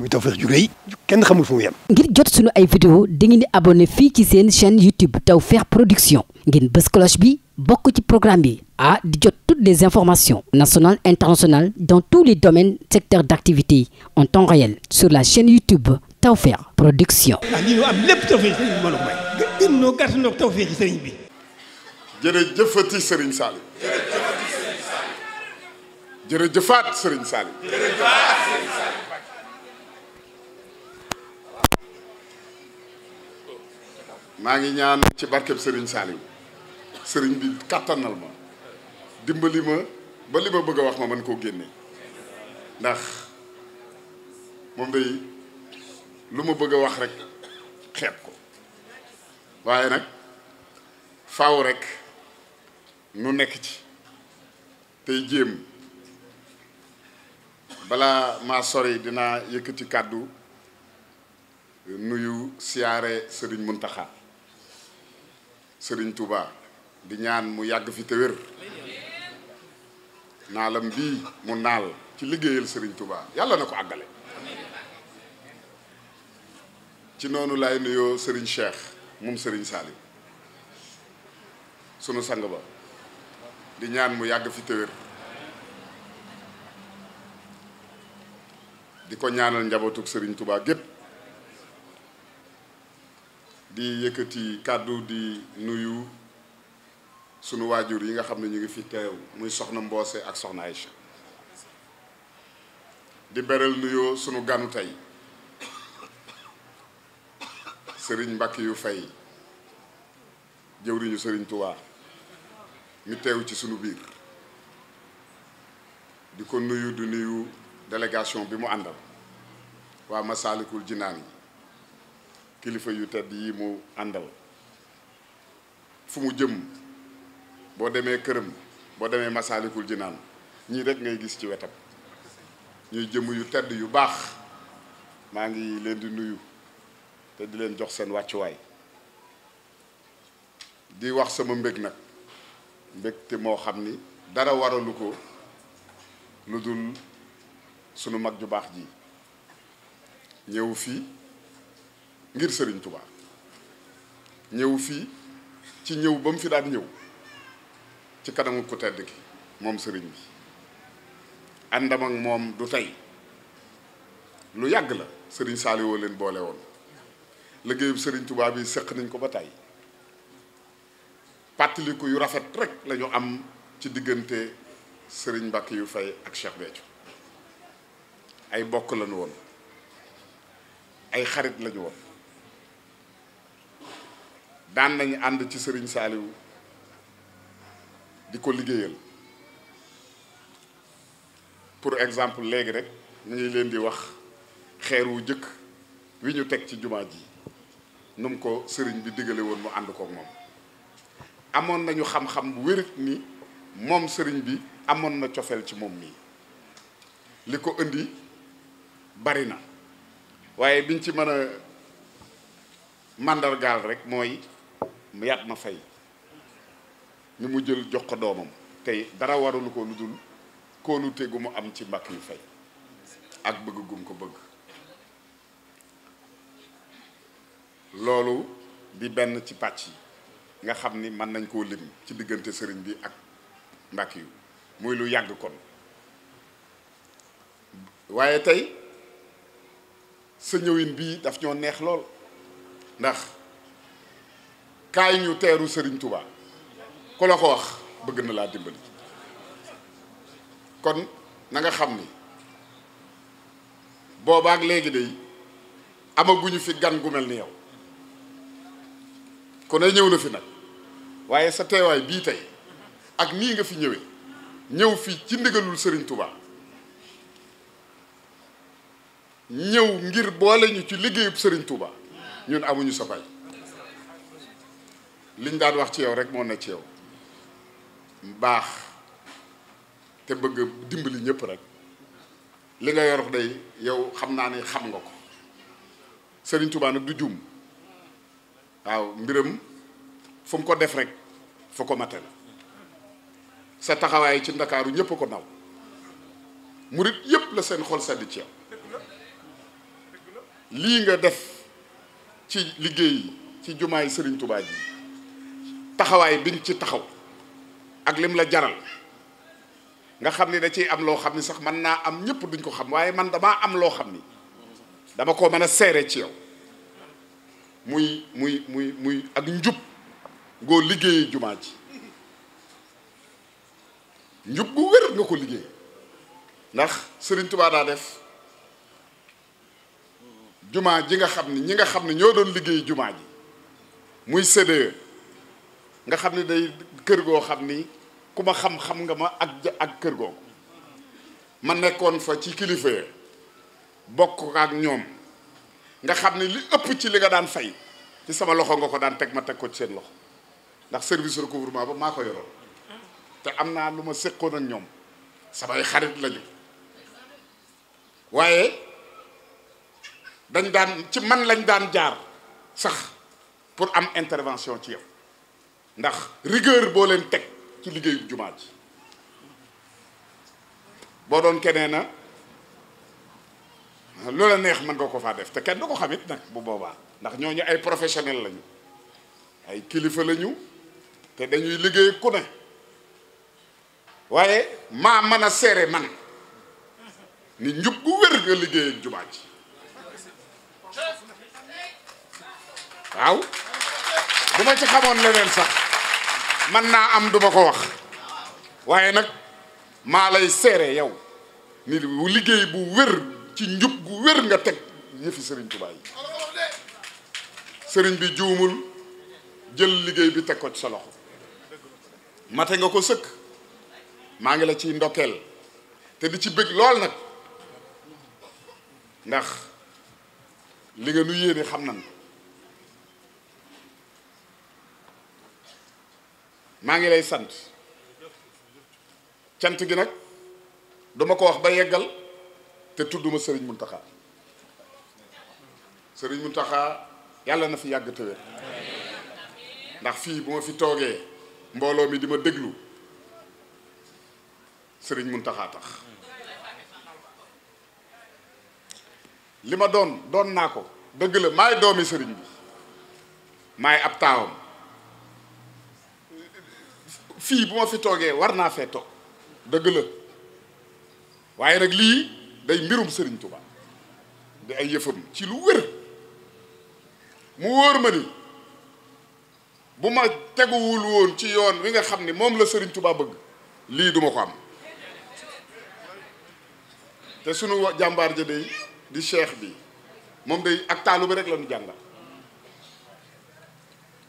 muy Tawfekh ju rëy kenn xamul fu mu yem. ngir jot sunu ay vidéo bi bokk ci programme bi ah di jot toutes les informations la chaîne YouTube Tawfekh Production. ah lii sëriñ bi ma la may. gën gën ñoo gàtt ñoo Tawfekh sëriñ bi. jërëjëfati sëriñ Saliou. jërëjëfati maa ngi ñaan ci barkeb sëriñ Saliou sëriñ bi kàttanal ma dimbali ma ba li ma bëgg a wax ma mën koo génne ndax moom day lu ma bëgg a wax rek xeeb ko waaye nag faw rekk nu nekk ci tey jéem balaa maa yi dinaa yëkkati kàddu nuyu siyaare sëriñ Muntaxa sëriñ Touba di ñaan mu yàgg fi te wér naalam bii mu naal ci liggéeyal sëriñ Touba yàlla na ko àggale ci noonu lay nuyoo sëriñ Cheikh moom sëriñ Salim sunu sang ba di ñaan mu yàgg fi te di ko ñaanal njabootug sëriñ Touba gépp di yëkkati kàddu di nuyu sunu waajur yi nga xam ne ñu ngi fi teew muy soxna Mboose ak soxna Aïcha di beral nuyoo sunu ganu tey sëriñ Mbàkke yu fay jëwriñu sëriñ Tuubaa mi teew ci sunu biir di ko nuyu di nuyu délégation bi mu àndal waa Masaalikul Jinaan yi kilifa yu tedd yi mu àndal fu mu jëm boo demee këram boo demee masaalikul jinaan ñii rek ngay gis ci wetam ñuy jëm yu tedd yu baax maa ngi leen di nuyu te di leen jox seen wàccuwaay di wax sama mbég nag mbégte moo xam ni dara waralu ko lu dul sunu mag ju baax ji ñëw fii ngir sëriñ Touba ñëw fii ci ñëw ba mu fi daan ñëw ci kanamu ku tedd ki moom sëriñ bi àndam moom du tey lu yàgg la sëriñ Saliou leen boole woon liggéeyub sëriñ tubaab yi sëq nañ ko ba tey pàttaliku yu rafet rek lañu am ci diggante Serigne Mbacke yu fay ak Cheikh Béthio ay bokk lañu woon ay xarit lañu woon. daan nañu ànd ci sëriñ saaliw di ko liggéeyal pour exemple léegi rek ñu leen di wax xeer wu jëkk wi ñu teg ci jumaa ji num ko sëriñ bi digale woon mu ànd ko moom amoon nañu xam-xam wérit ni moom sëriñ bi amoon na cofeel ci moom mii li ko indi bari na waaye biñ ci mën a màndargaal rek mooy yaat ma fay mi mu jël jox ko doomam tey dara warul ko lu dul kóolute gu mu am ci mbàkk yu fay ak bëgg gum ko bëgg loolu bi benn ci pàcc yi nga xam ni mën nañ koo lim ci diggante sëriñ bi ak mbàkk yu muy lu yàgg kon waaye tey sa ñëwin bii daf ñoo neex lool ndax kaay ñu teeru Serigne Touba ku la ko wax bëgg na laa dimbali kon nanga xam ni boobaak léegi de amaguñu fi gan gu mel ni yow ku ne ñëw na fi nag waaye sa teewaay bii tey ak nii nga fi ñëwee ñëw fii ci ndigalul sëriñ Touba ñëw ngir boole ñu ci liggéeyub sëriñ Touba ñun amuñu sa fay liñ daan wax ci yow rek moo na ci yow baax te bëgg dimbali ñëpp rek li nga yor day yow xam naa ni xam nga ko Serigne Touba nag du juum waaw mbiram fu mu ko def rek fu ko mate la sa taxawaay ci ndakaaru ñëpp ko naw murit yépp la seen xol sedd ci yow lii nga def ci liggéey yi ci jumaay sëriñ Touba yi taxawaay biñ ci taxaw ak lim la jaral nga xam ni da ciy am loo xam ni sax mën naa am ñëpp duñ ko xam waaye man damaa am loo xam ni dama ko mën a seere ci yow muy muy muy muy ak njub ngoo liggéeyee jumaa ji njub gu nga ko liggéey ndax Sëriñ Tuubaa daa def jumaa ji nga xam ni ñi nga xam ne ñoo doon liggéey jumaa ji muy CDE nga xam ne day kër goo xam ni ku ma xam-xam nga ma ak ak kër googu ma nekkoon fa ci kilifa ya bokk ak ñoom nga xam ne li ëpp ci li nga daan fay ci sama loxo nga ko daan teg ma teg ko ci seen loxo ndax service recouvrement ba maa ko yoroon te am naa lu ma séqoon ñoom samay xarit lañu waaye dañ daan ci man lañ daan jaar sax pour am intervention ci yow ndax rigueur boo leen teg ci liggéeyu jumaa ji boo doon keneen na loola neex mën nga ko faa def te kenn du ko xamit nag bu boobaa ndax ñooñu ay professionnel lañu ay kilifa lañu te dañuy liggéey ku ne waaye maa mën a seere man ni njub gu wér nga liggéey ak jumaa waaw bu ma ci xamoon leneen sax man naa am duma ko wax waaye nag maa lay seere yow ni liggéey bu wér ci njub gu wér nga teg yëfi sëriñ Tuubaa yi sëriñ bi juumul jël liggéey bi teg ko ci sa loxo mate nga ko sëkk maa ngi la ciy ndokkeel te di ci bëgg lool nag ndax li nga nu yéene xam na maa ngi lay sant cant gi nag duma ko wax ba yeggal te ma sëriñ Muntaxa sëriñ Muntaxa yàlla na fi yàgg te ndax fii bu ma fi toogee mbooloo mi di ma déglu sëriñ Muntaxa tax li ma doon doon naa ko dëgg la maay doomi sëriñ bi maay ab taawam fii bu ma fi toogee war naa fee toog dëgg la waaye nag lii day mbirum sëriñ Touba di ay yëfam ci lu wér mu wóor ma ni bu ma teguwul woon ci yoon wi nga xam ni moom la sëriñ Touba bëgg lii duma ko am te sunu jàmbaar ja day di cheikh bi moom day ak taalu bi rek la ñu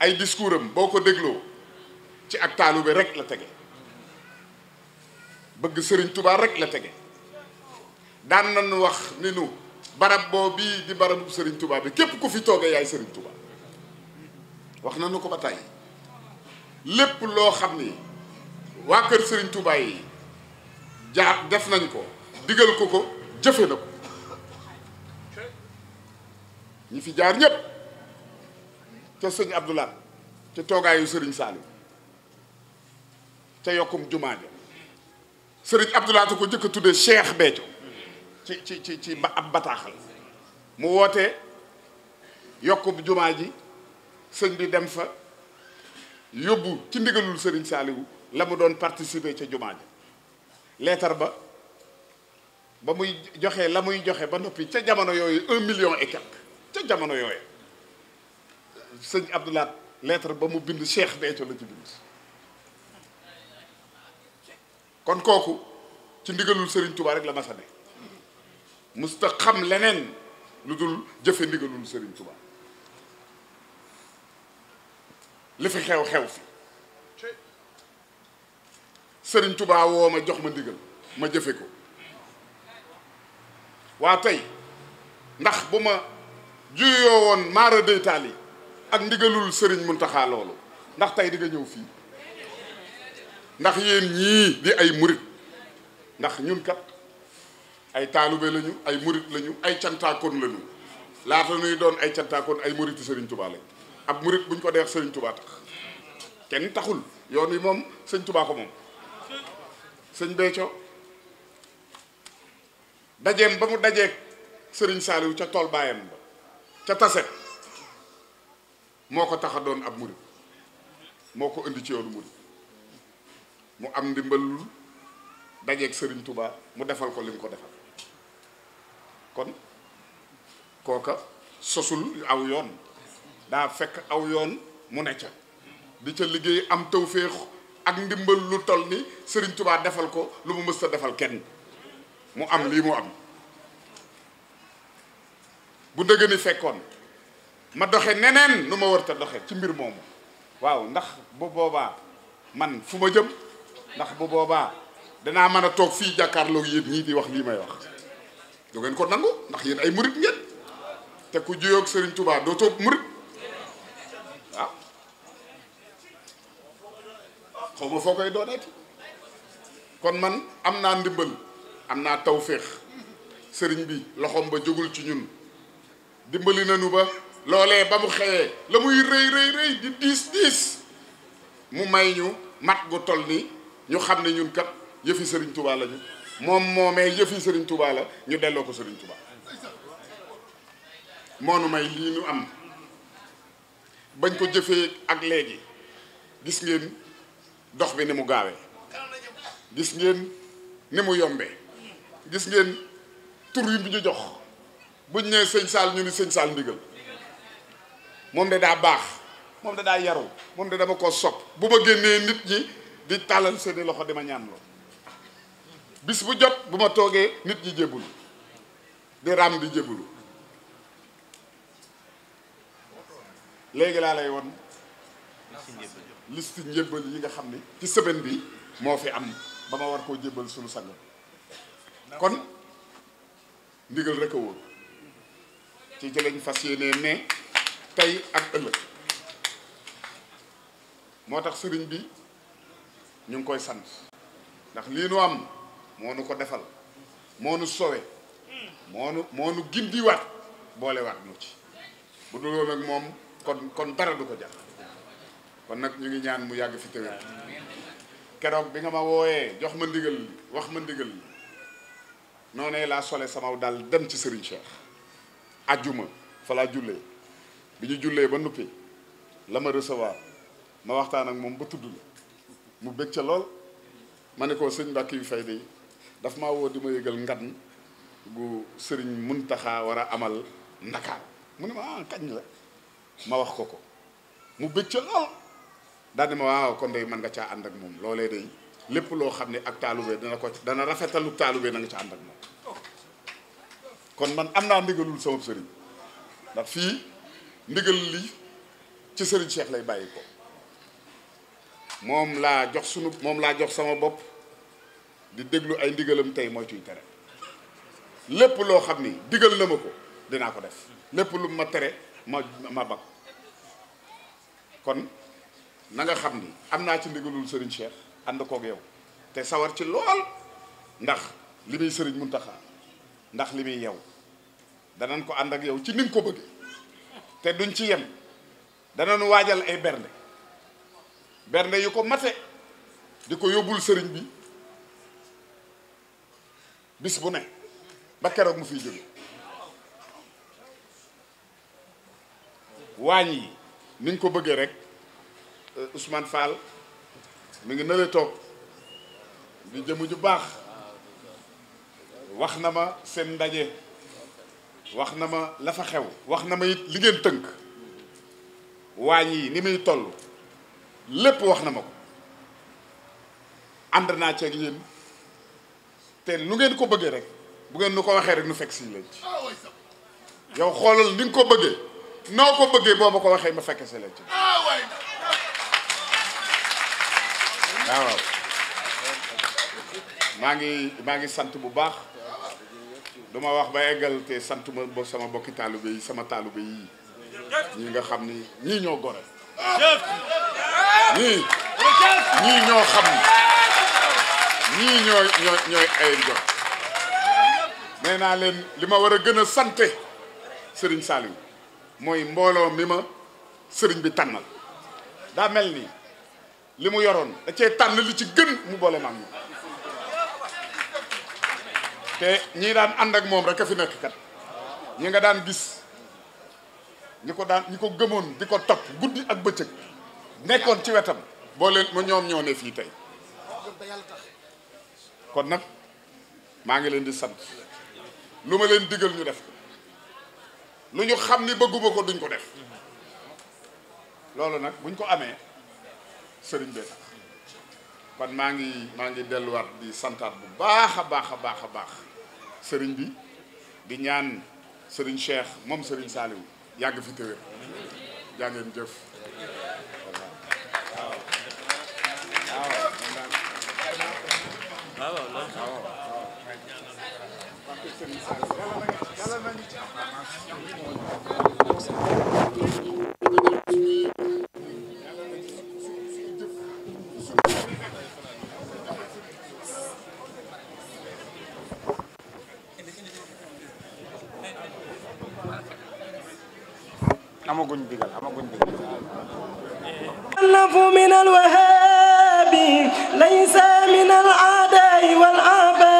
ay discours boo ko dégloo ak ak bi rek la tege bëgg sëriñ Tuubaa rek la tege daan nañu wax ni nu barab boo bii di barabu sëriñ tubaab bi képp ku fi toogee yaay sëriñ Tuubaa wax nañu ko ba tey lépp loo xam ni waa kër sëriñ Tuubaa yi jaar def nañ ko digal ko ko jëfe na ko ñi fi jaar ñépp ca sëñ Abdoulaye ca toogaayu sëriñ Saliou ca yokkum jumaa ja sëriñ abdulaatu ko jëkk a tuddee Cheikh Béthio ci ci ci ci ab bataaxal mu woote yokkum jumaa ji sëñ bi dem fa yóbbu ci ndigalul sëriñ saaliwu la mu doon participer ca jumaa ja leetar ba ba muy joxe la muy joxe ba noppi ca jamono yooyu un million et ca jamono yooyu sëñ Abdoulaye lettre ba mu bind Cheikh Béthio la ci bind kon kooku ci ndigalul Serigne Touba rek la mas a musta xam leneen lu dul jëfe ndigalul Serigne Touba li fi xew xew fi Serigne Touba woo ma jox ma ndigal ma jëfe ko waa tey ndax bu ma juyoo woon maara deytaal yi ak ndigalul Serigne Mountakha loolu ndax tey di ñëw fii ndax yéen ñii di ay murit ndax ñun kat ay taalibe lañu ay murit lañu ay cantaakoon lañu laata nuy doon ay cantaakoon ay muriti Serigne Touba lañ ab murit buñ ko deex Serigne Touba tax kenn taxul yoon yi moom sëñ Touba ko moom sëñ Béthio dajeem ba mu dajeeg sëriñ Saliou ca tool baayam ba ca taset moo ko tax a doon ab murit moo ko indi ci yoonu murit mu am ndimbalul dajeeg sëriñ tubaa mu defal ko li mu ko defal kon kooka sosul aw yoon daa fekk aw yoon mu ne ca di ca liggéey am tawféex ak ndimbal lu toll ni sëriñ tubaa defal ko lu mu mës a defal kenn mu am lii mu am bu dëgg ni fekkoon ma doxe neneen nu ma war doxe ci mbir moomu waaw ndax bu boobaa man fu ma jëm ndax bu boobaa danaa mën a toog fii jàkkaarloog yéen ñii di wax lii may wax du ngeen ko nangu ndax yéen ay murit ngeen te ku juyoog Sëriñ Tuubaa doo toog murit waaw foo koy dooneeti kon man am naa ndimbal am naa tawféex sëriñ bi loxoom ba jógul ci ñun dimbali nañu ba loolee ba mu xëyee la muy rëy rëy rëy di diis diis mu may ñu mat gu toll ni ñu xam ne ñun kat yëfi sëriñ Touba bi moom moomee yëfi Serigne Touba la ñu delloo ko Serigne Touba moonu may lii ñu am bañ ko jëfee ak léegi gis ngeen dox bi ni mu gaawee gis ngeen ni mu yombee gis ngeen tur yi ñu jox buñ nee sëñ Saal ñu ni sëñ Saal ndigal moom de daa baax moom de daa yaru moom de dama ko sopp bu ma génnee nit ñi di tàllal seeni loxo di ma ñaan loo bis bu jot bu ma toogee nit yi jébbalu di raam di jébbalu léegi laa lay won liste njébbal yi nga xam ne ci semaine bi moo fi am ba ma war koo jébbal suñu sang kon ndigal rek a wóor ci jëleñ fas yéenee ne tey ak ëllëg moo tax sëriñ bi ñu ngi koy sant ndax lii nu am moo nu ko defal moo nu sowe moo nu moo nu gindiwaat boolewaat nu ci bu dul woon moom kon kon dara du ko jar kon nag ñu ngi ñaan mu yàgg fi téwér keroog bi nga ma wooyee jox ma ndigal wax ma ndigal noonee laa sole sama daal dem ci Serigne Cheikh ajjuma fa laa jullee bi ñu jullee ba nuppi la ma recevoir ma waxtaan ak moom ba tudd la mu bëgg ca lool ma ne ko sëñ Mbàkke yu fay de daf maa woo di ma yëgal ngan gu sëriñ Muntaxa war a amal Ndakaar mu ne ma ah, kañ la ma wax ko ko mu bëgg ca lool daal ma waaw ah, kon day mën nga caa ànd ak moom loolee day lépp loo xam ne ak taalube dana ko dana rafetalu taalube na nga ca ànd ak moom kon man am naa ndigalul sama sëriñ ndax fii ndigal li ci sëriñ Cheikh lay bàyyi ko moom laa jox sunu moom laa jox sama bopp di déglu ay ndigalam tey moytuy tere lépp loo xam ni digal na ma ko dinaa ko def lépp lu ma tere ma ma bag kon nanga xam ni am naa ci ndigalul Serigne Cheikh ànd koog yow te sawar ci lool ndax li muy Serigne Mountakha ndax li muy yow danañ ko ànd ak yow ci ni nga ko bëgge te duñ ci yem danañ waajal ay bernde bernde yu ko mate di ko yóbbul sëriñ bi bis bu ne ba keroog mu fiy jóge waañ yi niñ ko bëggee rek euh, Ousmane Fall mi ngi nële toog di jëmm ju baax wax na ma seen ndaje wax na ma la fa xew wax na ma it li ngeen tënk waañ yi ni muy toll lépp wax na ma ko ànd naa ci ak yéen te nu ngeen ko bëggee rek bu ngeen nu ko waxee rek nu fekk si leen yow xoolal ni nga ko bëggee noo ko bëggee boo ma ko waxee ma fekk si leen maa ngi maa ngi sant bu baax duma wax ba eggal te sant ma sama bokki taalibe yi sama taalibe yi ñi nga xam ni ñii ñoo gore ñii ñii ñoo xam ñii ñooy ñooy ñooy ay jot nee naa leen li ma war a gën a sante sëriñ Saliou mooy mbooloo mi ma sëriñ bi tànnal daa mel ni li mu yoroon da cee tànn li ci gën mu boole ma ak te ñii daan ànd ak moom rek a fi nekk kat ñi nga daan gis ñi ko daan ñi ko gëmoon di ko topp guddi ak bëccëg nekkoon ci wetam boo leen mu ñoom ñoo ne fii tey kon nag maa ngi leen di sant lu ma leen digal ñu def ko lu ñu xam ni bëgguma ko duñ ko def loolu nag buñ ko amee sëriñ bee tax kon maa ngi maa ngi delluwaat di santaat bu baax a baax a baax a baax sëriñ bi di ñaan sëriñ Cheikh moom sëriñ Saliou yàgg fi téwér jaa jëf amaguñ digal amaguñ digal من الوهاب ليس من العداء والعباء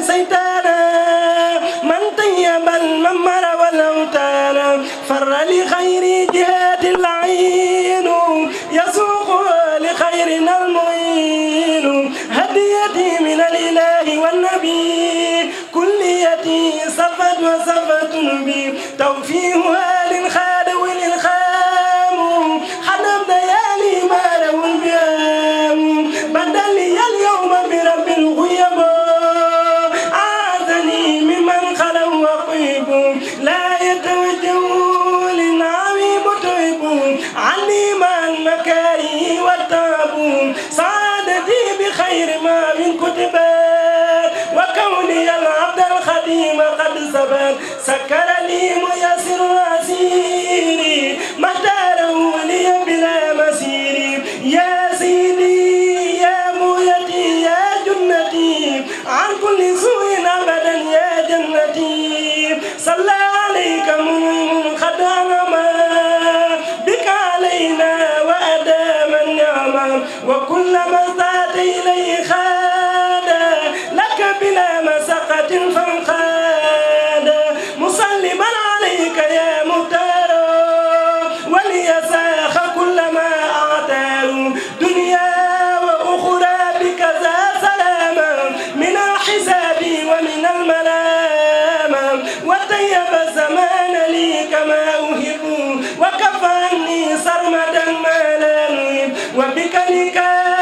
سيتانا من طيب الممر والأوتان فر لخير جهاد العين يسوق لخيرنا المعين هديتي من الإله والنبي كليتي صفت وصفت بي توفيهها خير ما من كتب وكوني العبد الخديم قد سبان سكر لي ميسر مسيري مختاره لي بلا مسير يا سيدي يا مويتي يا جنتي عن كل سوء ابدا يا جنتي صلى عليك من خدام وكل مسات إليه خاد لك بلا مسقة فانقاد مصلبا عليك يا مختار وليساخ كل ما أعتار دنيا وأخرى بك ذا سلاما من الحساب ومن الملام وطيب الزمان لي كما ذلك لكي